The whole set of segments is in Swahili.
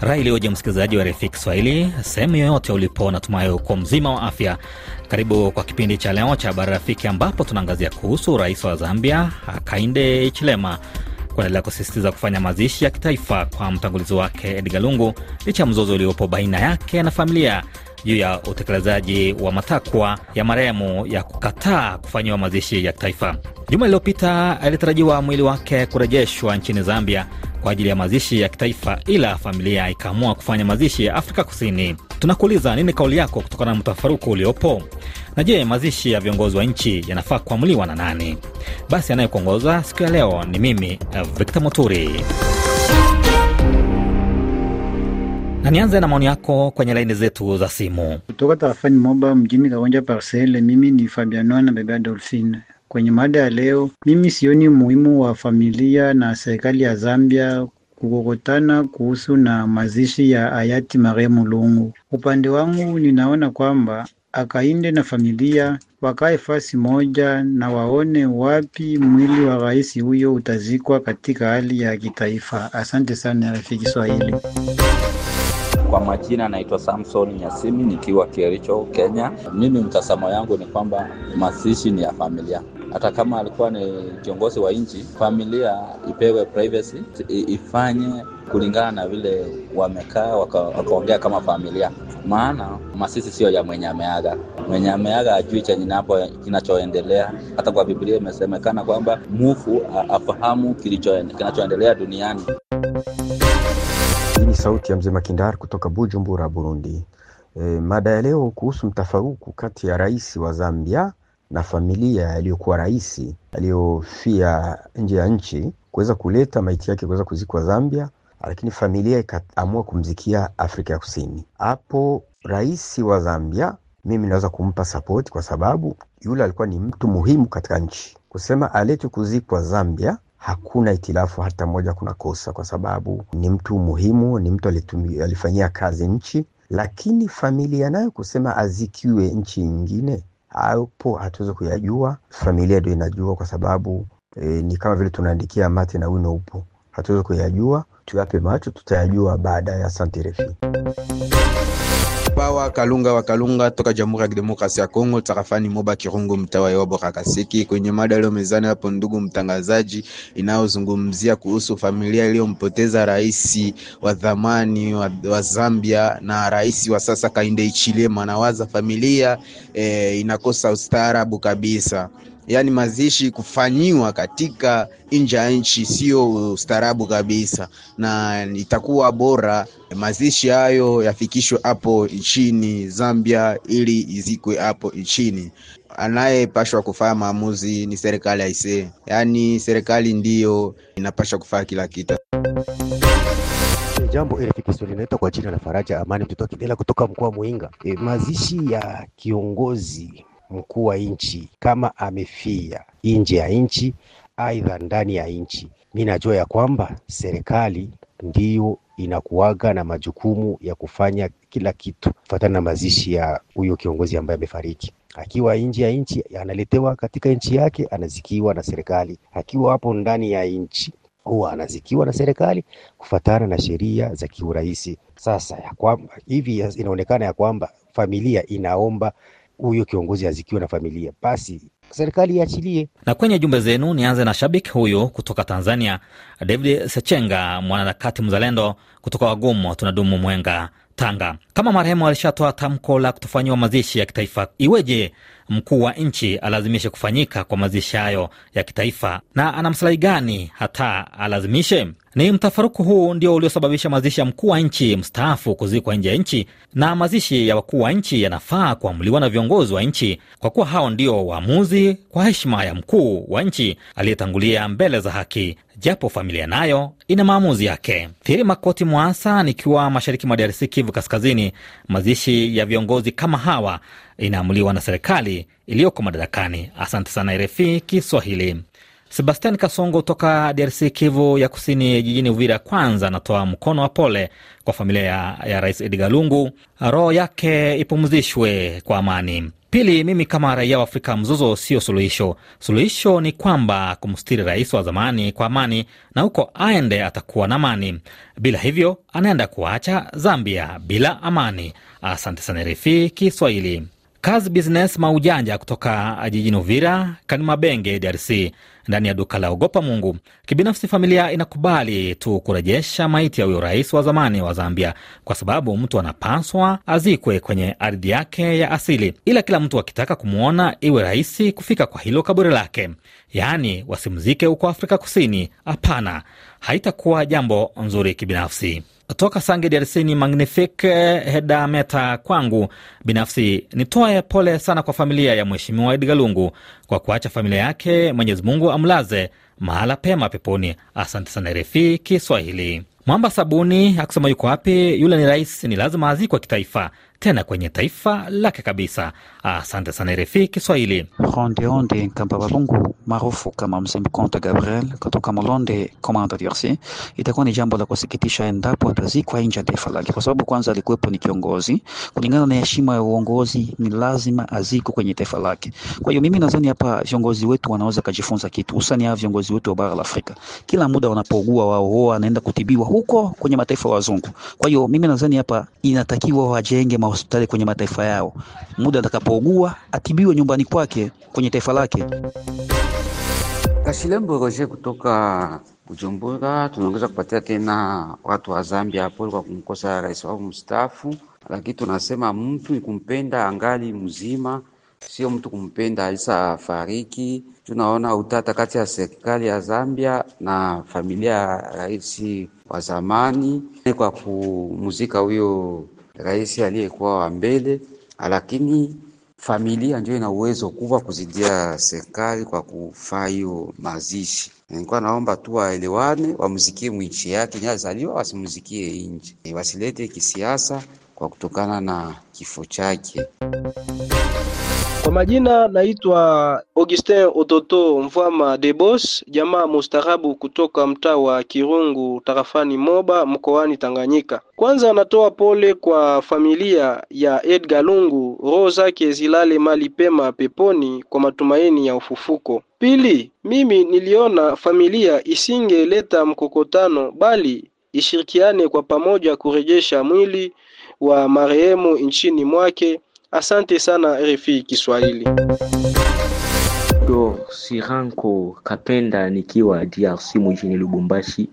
rai iliyoje, msikilizaji wa RFI Kiswahili sehemu yoyote ulipo, natumai uko mzima wa afya. Karibu kwa kipindi cha leo cha Habari Rafiki, ambapo tunaangazia kuhusu rais wa Zambia Hakainde Hichilema kuendelea kusisitiza kufanya mazishi ya kitaifa kwa mtangulizi wake Edgar Lungu licha ya mzozo uliopo baina yake na familia juu ya utekelezaji wa matakwa ya marehemu ya kukataa kufanyiwa mazishi ya kitaifa. Juma lililopita alitarajiwa mwili wake kurejeshwa nchini Zambia kwa ajili ya mazishi ya kitaifa, ila familia ikaamua kufanya mazishi ya Afrika Kusini. Tunakuuliza, nini kauli yako kutokana na mtafaruku uliopo? Na je, mazishi ya viongozi wa nchi yanafaa kuamuliwa na nani? Basi, anayekuongoza siku ya leo ni mimi Victor Moturi na nianze na maoni yako kwenye laini zetu za simu kutoka tarafani Moba mjini Kaonja Parcele. Mimi ni Fabiano na bebe Adolfin. Kwenye mada ya leo, mimi sioni umuhimu wa familia na serikali ya Zambia kukokotana kuhusu na mazishi ya hayati marehemu Lungu. Upande wangu ninaona kwamba akainde na familia wakae fasi moja na waone wapi mwili wa rais huyo utazikwa katika hali ya kitaifa. Asante sana rafiki Swahili. Kwa majina naitwa Samson Nyasimi nikiwa Kericho, Kenya. Mimi mtazamo yangu ni kwamba mazishi ni ya familia hata kama alikuwa ni kiongozi wa nchi, familia ipewe privacy, ifanye kulingana na vile wamekaa wakaongea waka kama familia, maana masisi sio ya mwenye ameaga. Mwenye ameaga ajui chenye napo kinachoendelea. Hata kwa Biblia imesemekana kwamba mufu afahamu kinachoendelea duniani. Ni sauti ya mzee makindar kutoka Bujumbura, Burundi. E, mada ya leo kuhusu mtafaruku kati ya rais wa Zambia na familia yaliyokuwa rais aliyofia nje ya nchi kuweza kuleta maiti yake kuweza kuzikwa Zambia, lakini familia ikaamua kumzikia Afrika ya Kusini. Hapo rais wa Zambia mimi naweza kumpa sapoti kwa sababu yule alikuwa ni mtu muhimu katika nchi, kusema aletwe kuzikwa Zambia hakuna itilafu hata moja kuna kosa, kwa sababu ni mtu muhimu, ni mtu alifanyia kazi nchi, lakini familia nayo kusema azikiwe nchi nyingine apo hatuwezi kuyajua. Familia ndio inajua, kwa sababu e, ni kama vile tunaandikia mate na wino upo, hatuwezi kuyajua. Tuyape macho, tutayajua baada ya. Asante refi. Bawa Kalunga wa Kalunga toka Jamhuri ya Kidemokrasia ya Kongo, tarafani Moba Kirungu, mtawa wa kasiki Kwenye mada leo mezani hapo, ndugu mtangazaji, inayozungumzia kuhusu familia iliyompoteza rais wa zamani wa, wa Zambia na rais wa sasa Kainde Hichilema. Nawaza familia eh, inakosa ustaarabu kabisa yani mazishi kufanyiwa katika nje ya nchi sio ustaarabu kabisa, na itakuwa bora mazishi hayo yafikishwe hapo nchini Zambia ili izikwe hapo nchini. Anayepashwa kufanya maamuzi ni serikali aisee, yaani serikali ndiyo inapasha kufanya kila kitu. Jambo RFI Kiswahili, kwa jina la Faraja Amani, mtoto wa Kidela kutoka mkoa wa Muinga. E, mazishi ya kiongozi mkuu wa nchi kama amefia nje ya nchi, aidha ndani ya nchi, mi najua ya kwamba serikali ndiyo inakuaga na majukumu ya kufanya kila kitu kufuatana na mazishi ya huyo kiongozi ambaye amefariki. Akiwa nje ya nchi, analetewa katika nchi yake, anazikiwa na serikali. Akiwa hapo ndani ya nchi huwa anazikiwa na serikali kufuatana na sheria za kiurahisi. Sasa ya kwamba hivi inaonekana ya kwamba familia inaomba huyo kiongozi azikiwe na familia, basi serikali iachilie. Na kwenye jumbe zenu, nianze na shabiki huyu kutoka Tanzania, David Sechenga, mwanaharakati mzalendo kutoka Wagumo, tunadumu Mwenga. Tanga. Kama marehemu alishatoa tamko la kutofanyiwa mazishi ya kitaifa, iweje mkuu wa nchi alazimishe kufanyika kwa mazishi hayo ya kitaifa? Na ana maslahi gani hata alazimishe? Ni mtafaruku huu ndio uliosababisha mazishi ya mkuu wa nchi mstaafu kuzikwa nje ya nchi, na mazishi ya wakuu wa nchi yanafaa kuamuliwa na viongozi wa nchi, kwa kuwa hao ndio waamuzi kwa heshima ya mkuu wa nchi aliyetangulia mbele za haki, japo familia nayo ina maamuzi yake. Thiri Makoti Mwasa, nikiwa mashariki mwa DRC, Kivu Kivu Kaskazini, mazishi ya viongozi kama hawa inaamuliwa na serikali iliyoko madarakani. Asante sana RFI Kiswahili. Sebastian Kasongo toka DRC, Kivu ya Kusini, jijini Uvira. Kwanza anatoa mkono wa pole kwa familia ya, ya Rais Edgar Lungu, roho yake ipumzishwe kwa amani. Pili, mimi kama raia wa Afrika, mzozo sio suluhisho. Suluhisho ni kwamba kumstiri rais wa zamani kwa amani, na huko aende atakuwa na amani. Bila hivyo, anaenda kuacha Zambia bila amani. Asante sana RFI Kiswahili. Kazi Business Maujanja kutoka jijini Uvira, kanimabenge DRC, ndani ya duka la Ogopa Mungu. Kibinafsi, familia inakubali tu kurejesha maiti ya huyo rais wa zamani wa Zambia kwa sababu mtu anapaswa azikwe kwenye ardhi yake ya asili, ila kila mtu akitaka kumwona iwe rahisi kufika kwa hilo kaburi lake. Yaani wasimzike huko Afrika Kusini? Hapana, haitakuwa jambo nzuri kibinafsi toka Sange DRC ni Magnifik eh, Heda Meta. Kwangu binafsi nitoe pole sana kwa familia ya Mheshimiwa Edgar Lungu kwa kuacha familia yake. Mwenyezi Mungu amlaze mahala pema peponi. Asante sana RFI Kiswahili. Mwamba Sabuni akusema yuko wapi yule, ni rais, ni lazima azikwa kitaifa tena kwenye taifa lake kabisa. Asante sana RFI Kiswahili. Ronde onde Nkambaba Lungu maarufu kama Mzee Mkonta Gabriel kutoka Molonde Komanda DRC. Itakuwa ni jambo la kusikitisha endapo atazikwa nje ya taifa lake, kwa sababu kwanza alikuwepo ni kiongozi. Kulingana na heshima ya uongozi, ni lazima azikwe kwenye taifa lake. Kwa hiyo mimi nadhani hapa viongozi wetu wanaweza kujifunza kitu, hususani hawa viongozi wetu wa bara la Afrika. Kila muda wanapougua wao wao wanaenda kutibiwa huko kwenye mataifa wazungu. Kwa hiyo mimi nadhani hapa inatakiwa wajenge ma mahospitali kwenye mataifa yao. Muda atakapougua atibiwe nyumbani kwake kwenye taifa lake. Kashilembo Roger kutoka Bujumbura. Tunaongeza kupatia tena watu wa Zambia pole kwa kumkosa rais wao mstaafu, lakini tunasema mtu ni kumpenda angali mzima, sio mtu kumpenda alisa fariki. Tunaona utata kati ya serikali ya Zambia na familia ya rais wa zamani kwa kumuzika huyo rais aliyekuwa wa mbele, lakini familia ndio ina uwezo kubwa kuzidia serikali kwa kufaa hiyo mazishi. Nilikuwa naomba tu waelewane, wamzikie mwinchi yake nyazaliwa, wasimzikie nje, wasilete kisiasa kwa kutokana na kifo chake. Kwa majina naitwa Augustin Ototo Mvwama Debos, jamaa mustarabu kutoka mtaa wa Kirungu tarafani Moba mkoani Tanganyika. Kwanza natoa pole kwa familia ya Edgar Lungu, roho zake zilale mali pema peponi kwa matumaini ya ufufuko. Pili, mimi niliona familia isingeleta mkokotano bali ishirikiane kwa pamoja kurejesha mwili wa marehemu nchini mwake Asante sana RFI Kiswahili. Do Siranko Kapenda nikiwa DRC mjini Lubumbashi.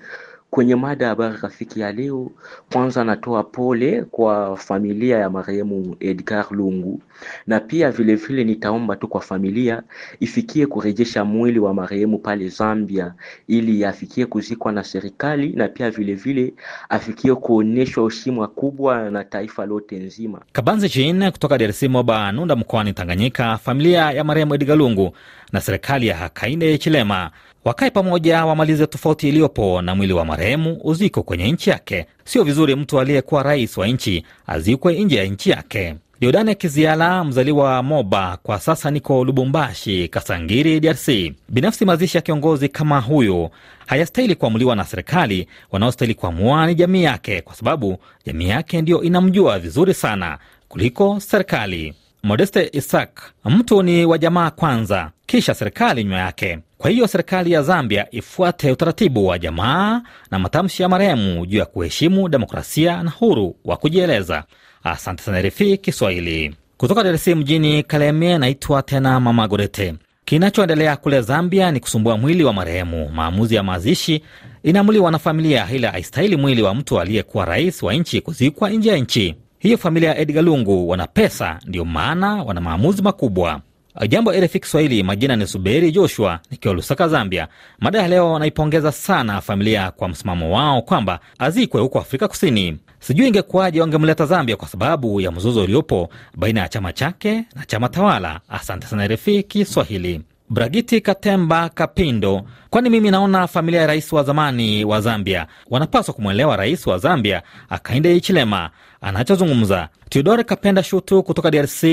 Kwenye mada ya habari rafiki ya leo, kwanza natoa pole kwa familia ya marehemu Edgar Lungu, na pia vilevile nitaomba tu kwa familia ifikie kurejesha mwili wa marehemu pale Zambia ili afikie kuzikwa na serikali, na pia vilevile afikie kuonyeshwa heshima kubwa na taifa lote nzima. Kabanzi Jean kutoka DRC, Moba Nunda, mkoani Tanganyika, familia ya marehemu Edgar Lungu na serikali ya hakaine Chilema wakae pamoja wamalize tofauti iliyopo, na mwili wa marehemu uziko kwenye nchi yake. Sio vizuri mtu aliyekuwa rais wa nchi azikwe nje ya nchi yake. Diodane Kiziala, mzaliwa Moba, kwa sasa niko Lubumbashi, Kasangiri, DRC. Binafsi, mazishi ya kiongozi kama huyu hayastahili kuamuliwa na serikali. Wanaostahili kuamua ni jamii yake, kwa sababu jamii yake ndiyo inamjua vizuri sana kuliko serikali. Modeste Isak, mtu ni wa jamaa kwanza kisha serikali nyuma yake. Kwa hiyo serikali ya Zambia ifuate utaratibu wa jamaa na matamshi ya marehemu juu ya kuheshimu demokrasia na huru wa kujieleza. Asante sana RFI Kiswahili kutoka DRC mjini Kalemie. Naitwa tena Mama Gorete. Kinachoendelea kule Zambia ni kusumbua mwili wa marehemu. Maamuzi ya mazishi inaamuliwa na familia, ila haistahili mwili wa mtu aliyekuwa rais wa nchi kuzikwa nje ya nchi. Hiyo familia ya Edgar Lungu wana pesa, ndiyo maana wana maamuzi makubwa. Uh, jambo RFI Kiswahili, majina ni Zuberi Joshua nikiwa Lusaka, Zambia. Mada ya leo wanaipongeza sana familia kwa msimamo wao kwamba azikwe huko Afrika Kusini. Sijui ingekuwaje wangemleta Zambia kwa sababu ya mzozo uliopo baina ya chama chake na chama tawala. Asante sana RFI Kiswahili. Bragiti Katemba Kapindo, kwani mimi naona familia ya rais wa zamani wa Zambia wanapaswa kumwelewa rais wa Zambia Akainde ichilema anachozungumza. Theodore Kapenda Shutu kutoka DRC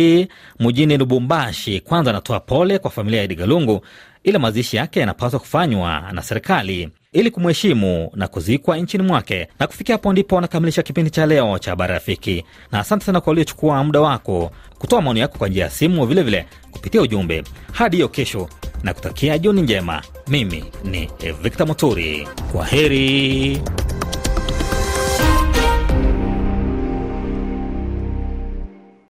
mjini Lubumbashi, kwanza anatoa pole kwa familia ya Idi ila mazishi yake yanapaswa kufanywa na serikali ili kumheshimu na kuzikwa nchini mwake. Na kufikia hapo ndipo anakamilisha kipindi cha leo cha Habari Rafiki, na asante sana kwa waliochukua muda wako kutoa maoni yako kwa njia ya simu, vilevile kupitia ujumbe. Hadi hiyo kesho, na kutakia jioni njema. Mimi ni Victor Muturi, kwa heri.